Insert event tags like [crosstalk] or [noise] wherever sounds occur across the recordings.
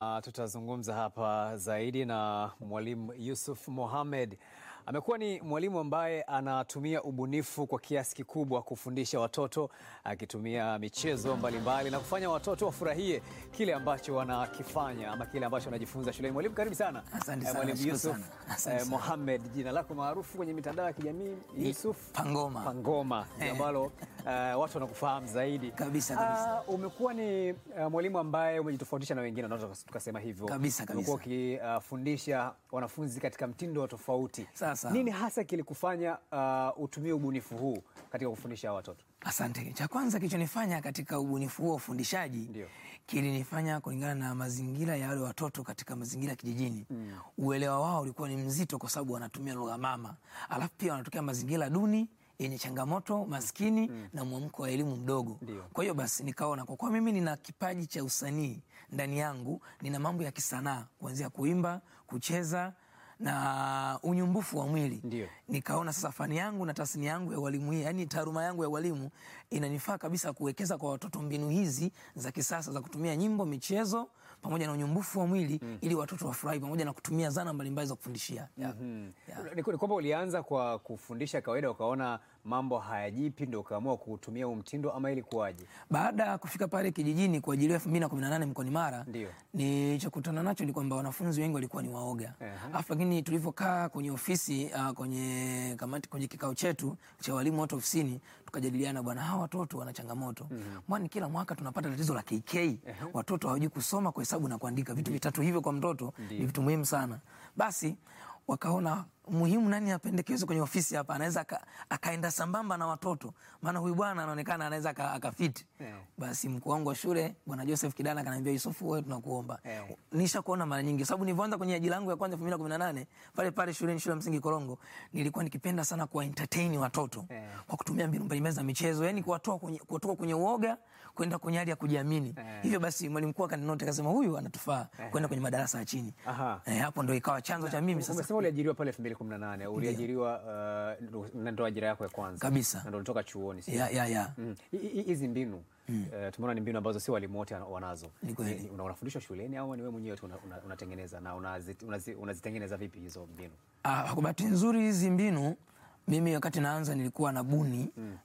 Uh, tutazungumza hapa zaidi na Mwalimu Yusuf Mohamed Amekuwa ni mwalimu ambaye anatumia ubunifu kwa kiasi kikubwa kufundisha watoto akitumia michezo mbalimbali mbali, na kufanya watoto wafurahie kile ambacho wanakifanya ama kile ambacho wanajifunza shuleni. Mwalimu, karibu sana. Asante eh, sana. Mwalimu Yusuf eh, Mohamed, jina lako maarufu kwenye mitandao ya kijamii Yusuf Pangoma, Pangoma [laughs] ambalo uh, watu wanakufahamu zaidi kabisa kabisa. Uh, umekuwa ni uh, mwalimu ambaye umejitofautisha na wengine, naona tukasema hivyo kabisa kabisa. Umekuwa ukifundisha uh, wanafunzi katika mtindo wa tofauti. Sasa, hasa nini hasa kilikufanya uh, utumie ubunifu huu katika kufundisha watoto? Asante. Cha kwanza kilichonifanya katika ubunifu wa ufundishaji kilinifanya kulingana na mazingira ya wale watoto katika mazingira ya kijijini mm. Uelewa wao ulikuwa ni mzito kwa sababu wanatumia lugha mama, alafu pia wanatokea mazingira duni yenye changamoto maskini mm. na mwamko wa elimu mdogo. Kwa hiyo basi nikaona kwa kuwa mimi nina kipaji cha usanii ndani yangu, nina mambo ya kisanaa kuanzia kuimba, kucheza na unyumbufu wa mwili Nikaona sasa fani yangu na tasnia yangu ya ualimu hii, yani taaluma yangu ya ualimu inanifaa kabisa kuwekeza kwa watoto mbinu hizi za kisasa za kutumia nyimbo, michezo pamoja na unyumbufu wa mwili mm. ili watoto wafurahi pamoja na kutumia zana mbalimbali za kufundishia. yeah. mm -hmm. yeah. Ni kwamba ulianza kwa kufundisha kawaida ukaona mambo hayajipi ndio ukaamua kuutumia huu mtindo ama ilikuwaje? Baada ya kufika pale kijijini kwa ajili ya 2018 mkoani Mara, ndio nilichokutana nacho ni kwamba wanafunzi wengi walikuwa ni waoga afu, lakini tulivyokaa kwenye ofisi uh, kwenye kamati, kwenye kikao chetu cha walimu wote ofisini, tukajadiliana, bwana, hawa watoto wana changamoto mm -hmm. mwani kila mwaka tunapata tatizo la KK Aha. watoto hawajui kusoma, kuhesabu na kuandika. Vitu vitatu hivyo kwa mtoto ni vitu muhimu sana. Basi wakaona muhimu nani apendekezwe kwenye ofisi hapa, anaweza akaenda sambamba na watoto, maana huyu bwana anaonekana anaweza akafiti. Yeah. Basi mkuu wangu wa shule bwana Joseph Kidana akaniambia, Yusufu, wewe tunakuomba. Yeah. Nisha mara nyingi, sababu nilivyoanza kwenye ajira yangu ya kwanza 2018 pale pale shuleni, shule ya msingi Korongo, nilikuwa nikipenda sana kuwa entertain watoto. Yeah. kwa kutumia mbinu mbalimbali za michezo, yani kuwatoa kwenye kutoka kwenye uoga kwenda kwenye hali ya kujiamini. Yeah. Hivyo basi mwalimu mkuu akaninota akasema, huyu anatufaa kwenda kwenye madarasa ya chini. Eh, hapo ndio ikawa chanzo cha mimi sasa. Umesema uliajiriwa pale 2018 2018 uliajiriwa uh, na ndo ajira yako ya kwanza kabisa, na ndo ulitoka chuoni sio? yeah, yeah, yeah. mm. mbinu mm. Uh, tumeona ni mbinu ambazo si walimu wote wanazo. Ni kweli. Unafundishwa shuleni au ni wewe mwenyewe tu unatengeneza una, una na unazitengeneza una, una vipi hizo mbinu? Ah, kwa bahati nzuri hizi mbinu mimi wakati naanza nilikuwa na buni mm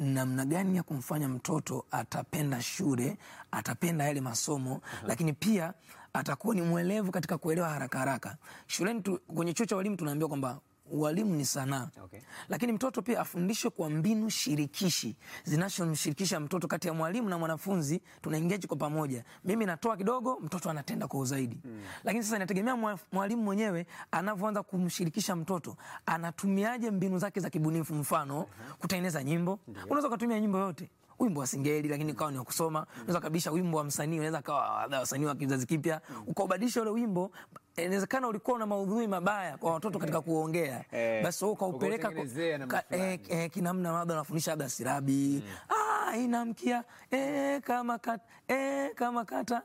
namna gani ya kumfanya mtoto atapenda shule, atapenda yale masomo uh -huh. Lakini pia atakuwa ni mwelevu katika kuelewa haraka haraka. Shuleni tu, kwenye chuo cha walimu tunaambiwa kwamba walimu ni sanaa okay. Lakini mtoto pia afundishwe kwa mbinu shirikishi zinazomshirikisha mtoto kati ya mwalimu na mwanafunzi, tunaingeji kwa pamoja. Mimi natoa kidogo, mtoto anatenda kwa uzaidi mm. Lakini sasa inategemea mwalimu mwenyewe anavyoanza kumshirikisha mtoto, anatumiaje mbinu zake za kibunifu. Mfano uh -huh. kutengeneza nyimbo yeah. Unaweza ukatumia nyimbo yote wimbo wa singeli, lakini ukawa ni wa kusoma. Unaweza kabisha wimbo wa msanii, unaweza kawa wasanii wa kizazi kipya, mm. ukaubadilisha ule wimbo inawezekana ulikuwa na maudhui mabaya kwa watoto katika eh. kuongea eh, basi wewe ukaupeleka ka, eh, eh, kinamna labda unafundisha labda silabi mm. Ah, inamkia eh, kama kat, e, kama kata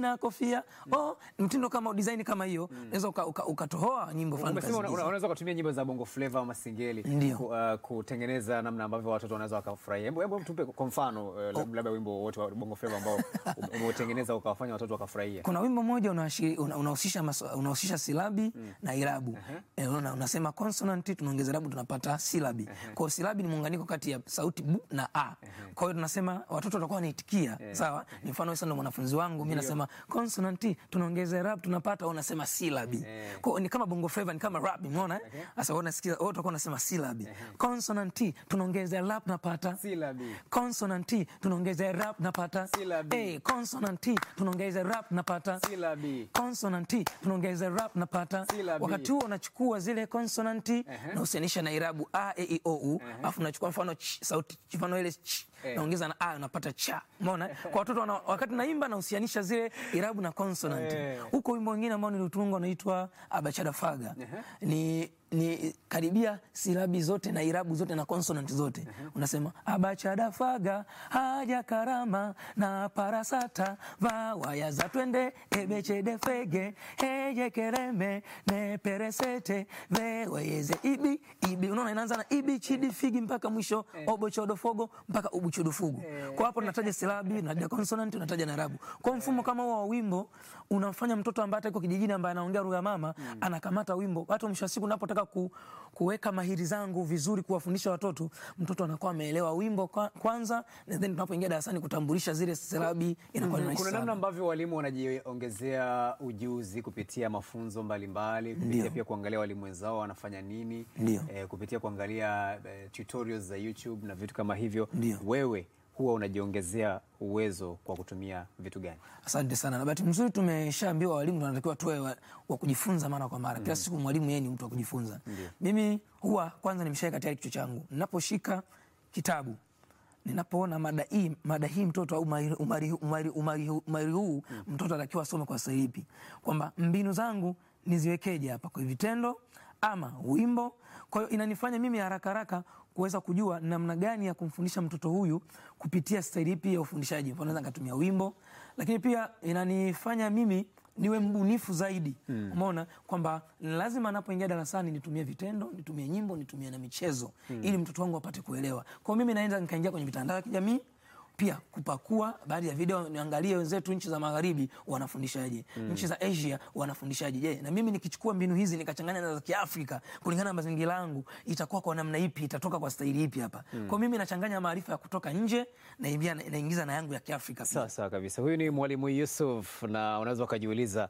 na kofia mm. oh, mtindo kama design kama hiyo hmm. unaweza mm. uka, ukatohoa uka, nyimbo fulani. Unaweza kutumia nyimbo za bongo flavor au masingeli ku, uh, kutengeneza namna ambavyo watoto wanaweza wakafurahia. Hebu hebu tupe kwa mfano uh, oh. labda wimbo wote wa bongo flavor ambao [laughs] umeutengeneza ukawafanya watoto wakafurahia. Kuna wimbo mmoja unahusisha una unahusisha silabi mm. na irabu uh -huh. E, eh, una, unasema consonant tunaongeza irabu tunapata silabi uh -huh. Kwa hiyo silabi ni muunganiko kati ya sauti bu na a uh -huh. Kwa hiyo tunasema watoto watakuwa wanaitikia uh eh. -huh. sawa ni mfano sasa, ndo mwanafunzi wangu mimi nasema consonant tunaongeza rap tunapata au unasema sillabi yeah. kwa ni kama bongo flavor ni kama rap umeona eh sasa wewe unasikia wewe utakuwa unasema sillabi consonant tunaongeza rap napata sillabi consonant tunaongeza rap napata sillabi eh consonant tunaongeza rap napata sillabi consonant tunaongeza rap napata sillabi eh, wakati huo unachukua zile consonant na usianisha na irabu a e i o u afu unachukua mfano sauti mfano ile ch, Eh. naongeza na a ah, unapata cha. Umeona? [laughs] Kwa watoto wana, wakati naimba nahusianisha zile irabu na consonant. Eh. Huko hey. wimbo mwingine ambao nilitunga unaitwa Abachada Faga. Uh -huh. Ni ni karibia silabi zote na irabu zote na konsonanti zote uh mhm. -huh. Unasema abachadafaga haja karama na parasata vawaya za twende ebechedefege hejekereme neperesete veweyeze ibi ibi. Unaona, inaanza na ibi chidi figi mpaka mwisho eh. obochodofogo mpaka ubuchodofugu. Eh. Kwa hapo tunataja silabi, tunataja konsonanti, tunataja na irabu. Kwa mfumo eh. kama huo wa wimbo unamfanya mtoto ambaye yuko kijijini ambaye anaongea lugha mama mm. anakamata wimbo hata mwisho wa siku unapotaka nataka ku, kuweka mahiri zangu vizuri, kuwafundisha watoto, mtoto anakuwa ameelewa wimbo kwanza na then tunapoingia darasani kutambulisha zile silabi inakuwa mm -hmm. Kuna namna ambavyo walimu wanajiongezea ujuzi kupitia mafunzo mbalimbali mbali, kupitia Ndiyo. pia kuangalia walimu wenzao wanafanya nini eh, kupitia kuangalia eh, tutorials za YouTube na vitu kama hivyo Ndiyo. wewe huwa unajiongezea uwezo kwa kutumia vitu gani? Asante sana, na bahati nzuri tumeshaambiwa walimu tunatakiwa tuwe wa, wa kujifunza mara kwa mara. Kila mm. siku mwalimu yeye ni mtu wa kujifunza. Mimi huwa kwanza nimeshaweka tayari kichwa changu, ninaposhika kitabu ninapoona mada hii mada hii mtoto au umari huu mm. mtoto anatakiwa asome kwa sahihi, kwamba mbinu zangu niziwekeje hapa kwa vitendo ama wimbo. Kwa hiyo inanifanya mimi haraka haraka kuweza kujua namna gani ya kumfundisha mtoto huyu kupitia staili ipi ya ufundishaji. Mfano, naweza nikatumia wimbo, lakini pia inanifanya mimi niwe mbunifu zaidi. Mm. Umeona kwamba lazima anapoingia darasani nitumie vitendo, nitumie nyimbo, nitumie na michezo mm. ili mtoto wangu apate kuelewa. Kwa hiyo mimi naenda nikaingia kwenye mitandao ya kijamii pia kupakua baadhi ya video niangalie wenzetu nchi za magharibi wanafundishaje, mm. nchi za Asia wanafundishaje. Je, na mimi nikichukua mbinu hizi nikachanganya na za Kiafrika kulingana na mazingira yangu itakuwa kwa namna ipi, itatoka kwa staili ipi hapa? mm. Kwa mimi nachanganya maarifa ya kutoka nje na ingia naingiza na yangu ya Kiafrika. Sawa sawa kabisa. Huyu ni Mwalimu Yusuf, na unaweza ukajiuliza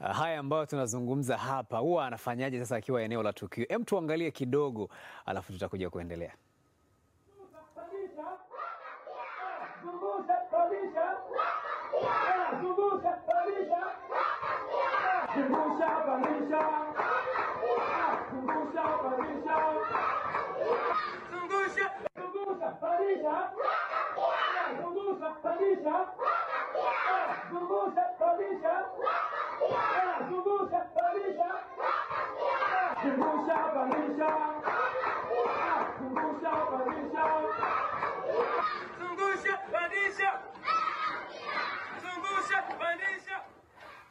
Uh, haya ambayo tunazungumza hapa huwa anafanyaje sasa akiwa eneo la tukio? Hem, tuangalie kidogo alafu tutakuja kuendelea. yani zungusha, zungusha, zungusha, zungusha, zungusha, zungusha, zungusha,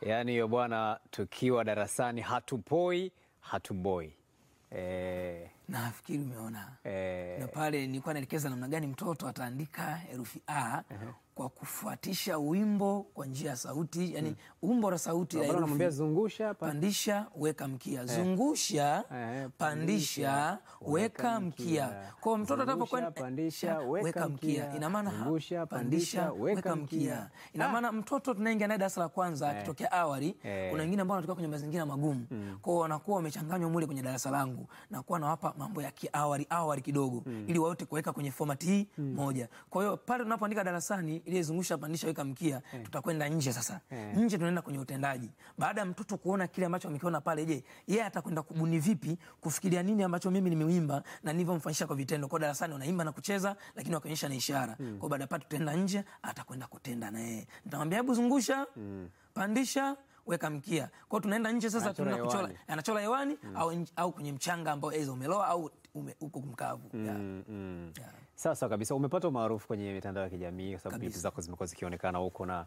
Yaani hiyo bwana, tukiwa darasani hatupoi hatuboi. Eh, nafikiri umeona eh. Na pale nilikuwa naelekeza namna gani mtoto ataandika herufi a uh -huh kwa kufuatisha wimbo kwa njia ya sauti, yani umbo hmm. la sauti la herufi. Zungusha, pandisha, weka mkia, zungusha, pandisha, eh, weka mkia. Kwa mtoto atakapokwenda pandisha, weka mkia, ina maana zungusha, pandisha, weka mkia, ina ah! maana mtoto tunaingia naye darasa la kwanza eh. akitokea awali. Eh. Kuna wengine ambao wanatoka kwenye mazingira magumu, hmm. kwa hiyo wanakuwa wamechanganywa mule kwenye darasa langu, na nakuwa nawapa mambo ya kiawali awali kidogo, hmm. ili waote kuweka kwenye format hii moja. Kwa hiyo pale tunapoandika darasani iliyezungusha pandisha weka mkia hmm. Tutakwenda nje sasa hmm. Nje tunaenda kwenye utendaji, baada ya mtoto kuona kile ambacho amekiona pale, je, yeye atakwenda kubuni vipi, kufikiria nini ambacho mimi nimeimba na nilivyomfanyisha kwa vitendo. Kwa darasani unaimba na kucheza, lakini wakionyesha na ishara hmm. Kwa baada ya pale tutaenda nje, atakwenda kutenda na yeye, nitamwambia hebu zungusha hmm. pandisha weka mkia kwao, tunaenda nje sasa, tunaenda kuchola, anachola hewani mm. au, au kwenye mchanga ambao aidha eh, umeloa au uko mkavu mm, yeah. mm. yeah. Sasa kabisa umepata umaarufu kwenye mitandao ya kijamii kwa sababu vitu zako zimekuwa zikionekana huko na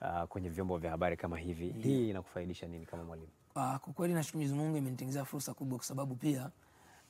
uh, kwenye vyombo vya habari kama hivi yeah. hii inakufaidisha nini kama mwalimu? Uh, kwa kweli nashukuru Mwenyezi Mungu imenitengenezea fursa kubwa kwa sababu pia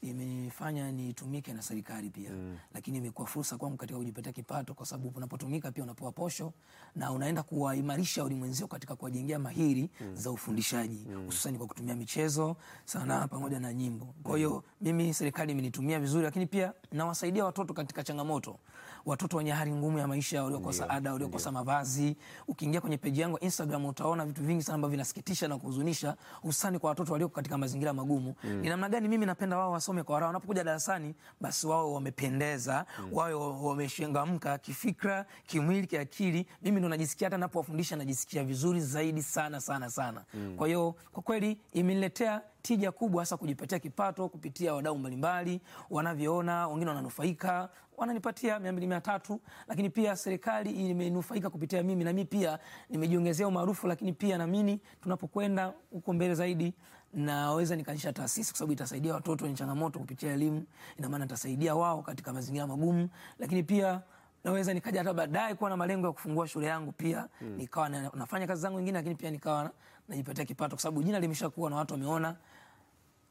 imenifanya nitumike na serikali pia mm. Lakini imekuwa fursa kwangu katika kujipatia kipato, kwa sababu unapotumika pia unapewa posho na unaenda kuwaimarisha ulimwenzio katika kuwajengea mahiri mm. za ufundishaji hususani mm. kwa kutumia michezo, sana mm. pamoja na nyimbo. Kwa hiyo mm. mimi serikali imenitumia vizuri, lakini pia nawasaidia watoto katika changamoto, watoto wenye hali ngumu ya maisha, waliokosa ada, waliokosa mavazi. Ukiingia kwenye peji yangu Instagram utaona vitu vingi sana ambavyo vinasikitisha na kuhuzunisha, hususani kwa watoto walioko katika mazingira magumu. mm. Ni namna gani mimi napenda wao wasome kwa raha, wanapokuja darasani basi wao wamependeza, mm. wao wameshangamka kifikra, kimwili, kiakili. Mimi ndo najisikia hata napowafundisha najisikia vizuri zaidi sana sana sana mm. kwa hiyo kwa kweli imeniletea tija kubwa, hasa kujipatia kipato kupitia wadau mbalimbali wanavyoona, wengine wananufaika, wananipatia mia mbili mia tatu, lakini pia serikali imenufaika kupitia mimi, na mimi pia nimejiongezea umaarufu, lakini pia naamini tunapokwenda huko mbele zaidi naweza nikaanzisha taasisi kwa sababu itasaidia watoto wenye changamoto kupitia elimu. Ina maana itasaidia wao katika mazingira magumu, lakini pia naweza nikaja hata baadaye kuwa na malengo ya kufungua shule yangu pia hmm. nikawa na, nafanya kazi zangu nyingine, lakini pia nikawa najipatia kipato, kwa sababu jina limeshakuwa na watu wameona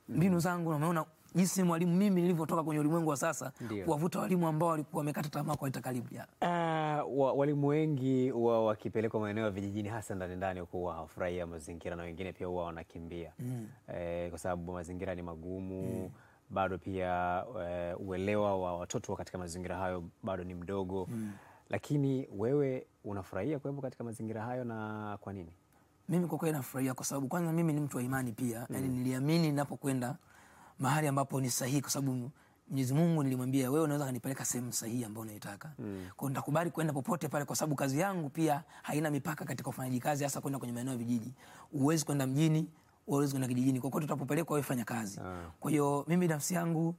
mbinu hmm. zangu na wameona jinsi mwalimu mimi nilivyotoka kwenye ulimwengu wa sasa kuwavuta walimu ambao walikuwa wamekata tamaa kwa itakaribu uh, ah, wa, walimu wengi wa wakipelekwa maeneo ya vijijini hasa ndani ndani huwa hawafurahia mazingira na wengine pia huwa wanakimbia mm. E, kwa sababu mazingira ni magumu mm. bado pia e, uelewa wa watoto katika mazingira hayo bado ni mdogo mm. lakini wewe unafurahia kuwepo katika mazingira hayo na kwa nini? Mimi kwa kweli nafurahia kwa sababu kwanza mimi ni mtu wa imani pia yaani mm. yani niliamini ninapokwenda mahali ambapo ni sahihi, kwa sababu Mwenyezi Mungu nilimwambia, wewe unaweza kanipeleka sehemu sahihi ambayo unaitaka. Mm. Kwa nitakubali kwenda popote pale, kwa sababu kazi yangu pia haina mipaka katika ufanyaji kazi, hasa kwenda kwenye maeneo ya vijiji. Uwezi kwenda mjini, uwezi kwenda kijijini, kwa hiyo tutapopeleka wewe fanya kazi. Ah. Kwa hiyo mimi nafsi yangu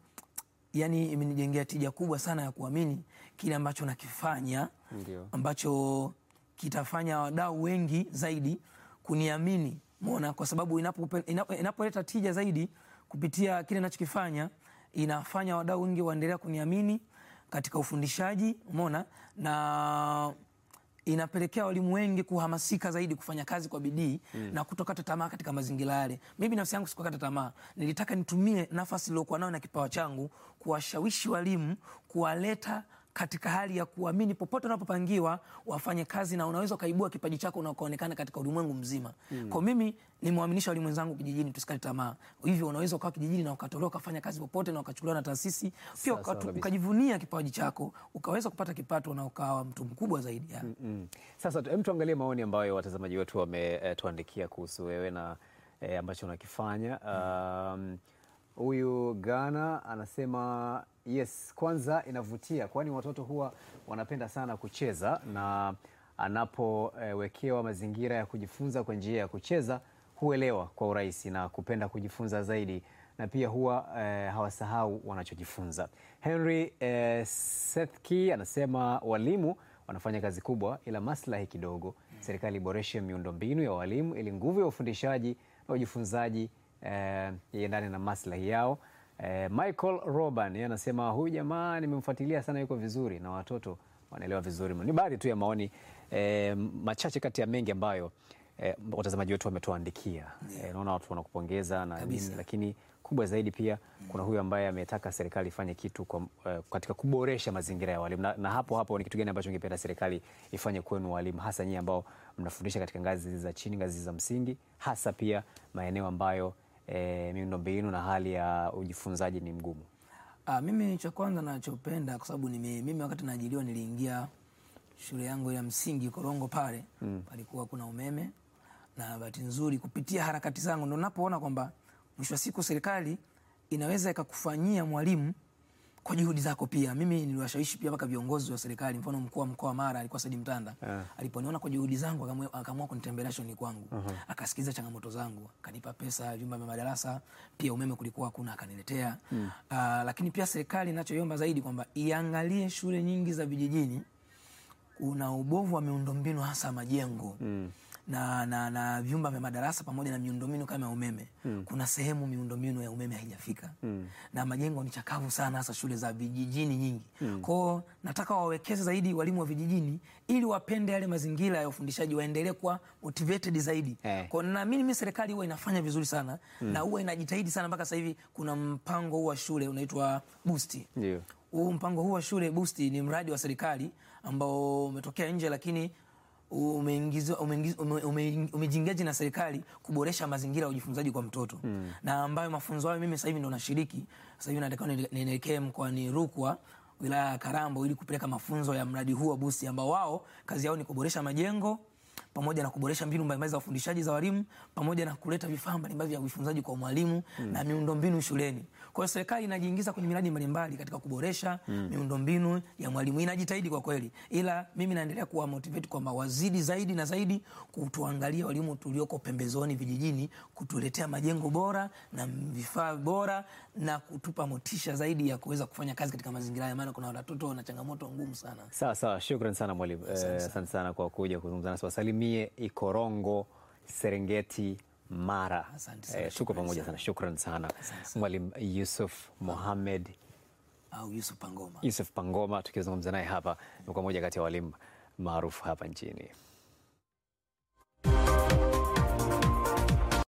yani imenijengea tija kubwa sana ya kuamini kile ambacho nakifanya. Ndiyo. ambacho kitafanya wadau wengi zaidi kuniamini, mona, kwa sababu inapoleta inapo, inapo tija zaidi kupitia kile nachokifanya inafanya wadau wengi waendelea kuniamini katika ufundishaji, umeona, na inapelekea walimu wengi kuhamasika zaidi kufanya kazi kwa bidii mm. na kutokata tamaa katika mazingira yale. Mimi nafsi yangu sikukata tamaa, nilitaka nitumie nafasi iliyokuwa nayo na kipawa changu kuwashawishi walimu kuwaleta katika hali ya kuamini popote unapopangiwa wafanye kazi na unaweza ukaibua kipaji chako na ukaonekana katika ulimwengu mzima. Mm. Kwa mimi nimwaminisha walimu wenzangu kijijini tusikate tamaa. Hivyo unaweza ukawa kijijini na ukatoroka ukafanya kazi popote na ukachukuliwa na taasisi pia ukajivunia kipaji chako ukaweza kupata kipato na ukawa mtu mkubwa zaidi. Mm -mm. Sasa hem tuangalie maoni ambayo watazamaji wetu wametuandikia eh, kuhusu wewe na eh, ambacho unakifanya. Hmm. Um, Huyu Ghana anasema yes, kwanza inavutia, kwani watoto huwa wanapenda sana kucheza na anapowekewa mazingira ya kujifunza kwa njia ya kucheza huelewa kwa urahisi na kupenda kujifunza zaidi na pia huwa eh, hawasahau wanachojifunza. Henry eh, Sethki anasema walimu wanafanya kazi kubwa, ila maslahi kidogo. Serikali iboreshe miundombinu ya walimu ili nguvu ya ufundishaji na ujifunzaji eh, iendane na maslahi yao. Eh, Michael Roban yeye anasema huyu jamaa nimemfuatilia sana, yuko vizuri na watoto wanaelewa vizuri. Ni baadhi tu ya maoni eh, machache kati ya mengi ambayo eh, watazamaji wetu wametuandikia. Yeah. Eh, naona watu wanakupongeza na nini, lakini kubwa zaidi pia mm. kuna huyu ambaye ametaka serikali ifanye kitu kwa, eh, katika kuboresha mazingira ya walimu na, na hapo hapo ni kitu gani ambacho ungependa serikali ifanye kwenu walimu, hasa nyinyi ambao mnafundisha katika ngazi za chini, ngazi za msingi, hasa pia maeneo ambayo e, miundombinu na hali ya ujifunzaji ni mgumu? Ah, mimi cha kwanza nachopenda kwa sababu mimi wakati naajiliwa niliingia shule yangu ya msingi Korongo pale mm. palikuwa kuna umeme na bahati nzuri kupitia harakati zangu ndo napoona kwamba mwisho wa siku serikali inaweza ikakufanyia mwalimu kwa juhudi zako pia. Mimi niliwashawishi pia mpaka viongozi wa serikali, mfano mkuu wa mkoa wa Mara alikuwa Said Mtanda. Yeah. Aliponiona kwa juhudi zangu akaamua kunitembelea shuleni kwangu. Uh -huh. Akasikiliza changamoto zangu, akanipa pesa, vyumba vya madarasa, pia umeme kulikuwa hakuna akaniletea. Mm. Uh, lakini pia serikali inachoiomba zaidi kwamba iangalie shule nyingi za vijijini kuna ubovu wa miundombinu hasa majengo. Mm na, na, na vyumba vya madarasa pamoja na miundombinu kama ya umeme mm. Kuna sehemu miundombinu ya umeme haijafika mm. Na majengo ni chakavu sana, hasa shule za vijijini nyingi mm. Kwao nataka wawekeze zaidi walimu wa vijijini ili wapende yale mazingira ya ufundishaji, waendelee kuwa motivated zaidi eh. Kwao naamini mimi serikali huwa inafanya vizuri sana mm. Na huwa inajitahidi sana mpaka sasa hivi kuna mpango huu wa shule unaitwa Boost. Ndio. Huu mpango huu wa shule Boost ni mradi wa serikali ambao umetokea nje lakini umejingaji na serikali kuboresha mazingira ya ujifunzaji kwa mtoto mm. na ambayo mafunzo hayo mimi sasa hivi ndo nashiriki sasa hivi nataka nielekee mkoani Rukwa wilaya ya Karambo ili kupeleka mafunzo ya mradi huu wa BUSI ambao wao kazi yao ni kuboresha majengo pamoja na kuboresha mbinu mbalimbali za ufundishaji za walimu pamoja na kuleta vifaa mbalimbali vya ujifunzaji kwa mwalimu mm. na miundombinu shuleni. Kwa hiyo serikali inajiingiza kwenye miradi mbalimbali katika kuboresha mm. miundombinu ya mwalimu, inajitahidi kwa kweli, ila mimi naendelea kuwa motivate kwamba wazidi zaidi na zaidi kutuangalia walimu tulioko pembezoni vijijini, kutuletea majengo bora na vifaa bora na kutupa motisha zaidi ya kuweza kufanya kazi katika mazingira haya, maana kuna watoto wana changamoto ngumu sana. Sawa sawa, shukrani sana mwalimu, asante eh, sana kwa kuja kuzungumza nasi. Wasalimie Ikorongo, Serengeti mara. Eh, tuko pamoja sana, shukran sana Mwalimu Yusuf Mohamed au Yusuf Pangoma, Yusuf Pangoma tukizungumza naye hapa, ni kwa moja kati ya walimu maarufu hapa nchini.